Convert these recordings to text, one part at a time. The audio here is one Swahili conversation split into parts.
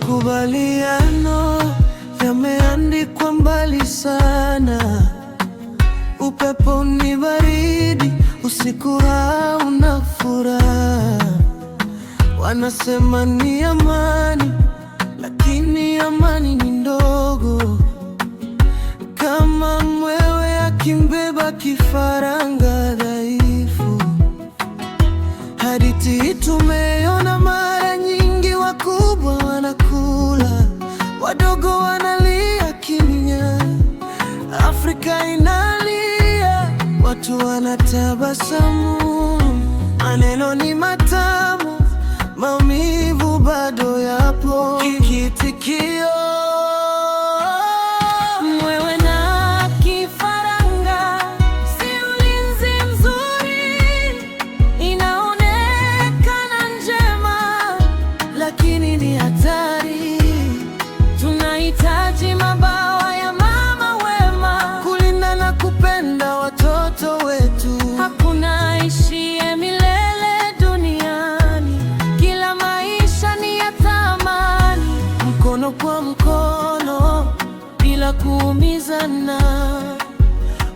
Makubaliano yameandikwa mbali sana, upepo ni baridi, usiku hauna furaha. Wanasema ni amani, lakini amani ni ndogo kama mwewe akimbeba kifaranga dhaifu. Hadithi itume tabasamu, maneno ni matamu, maumivu bado yapo. Kikitikio mwewe na kifaranga si inaonekana njema lakini ni hata mkono kwa mkono bila kuumizana.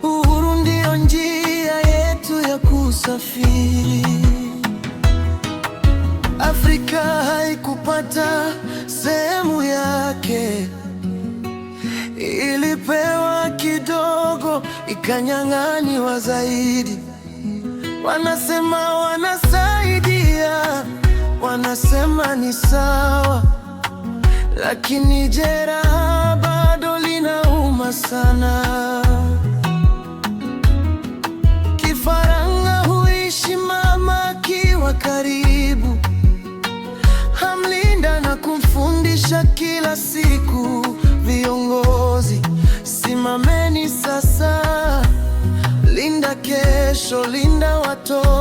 Uhuru ndio njia yetu ya kusafiri. Afrika haikupata sehemu yake, ilipewa kidogo ikanyang'aniwa zaidi. Wanasema wanasaidia, wanasema ni sawa lakini jeraha bado linauma sana. Kifaranga huishi mama akiwa karibu, hamlinda na kumfundisha kila siku. Viongozi simameni sasa, linda kesho, linda watoto.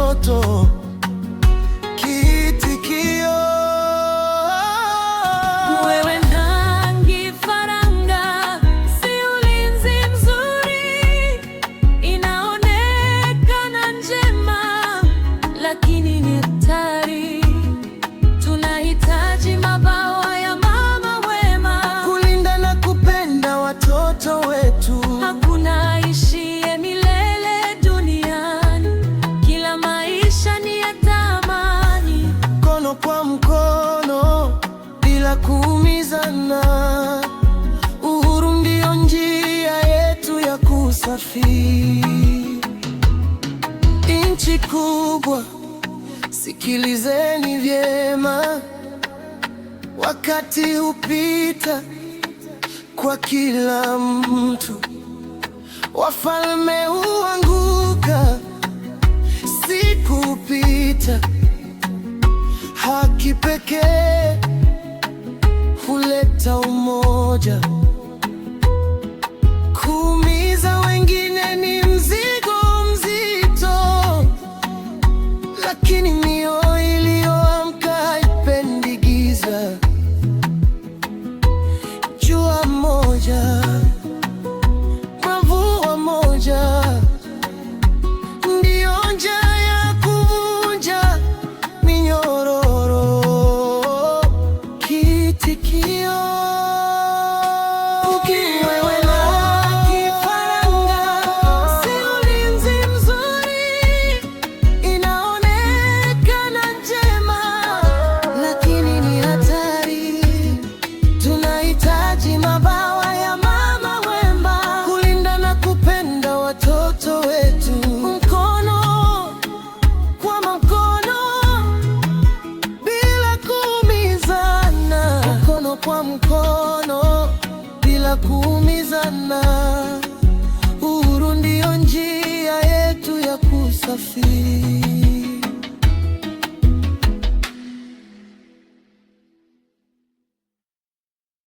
safi, nchi kubwa, sikilizeni vyema, wakati hupita kwa kila mtu, wafalme huanguka, siku hupita, haki pekee huleta umoja. safiri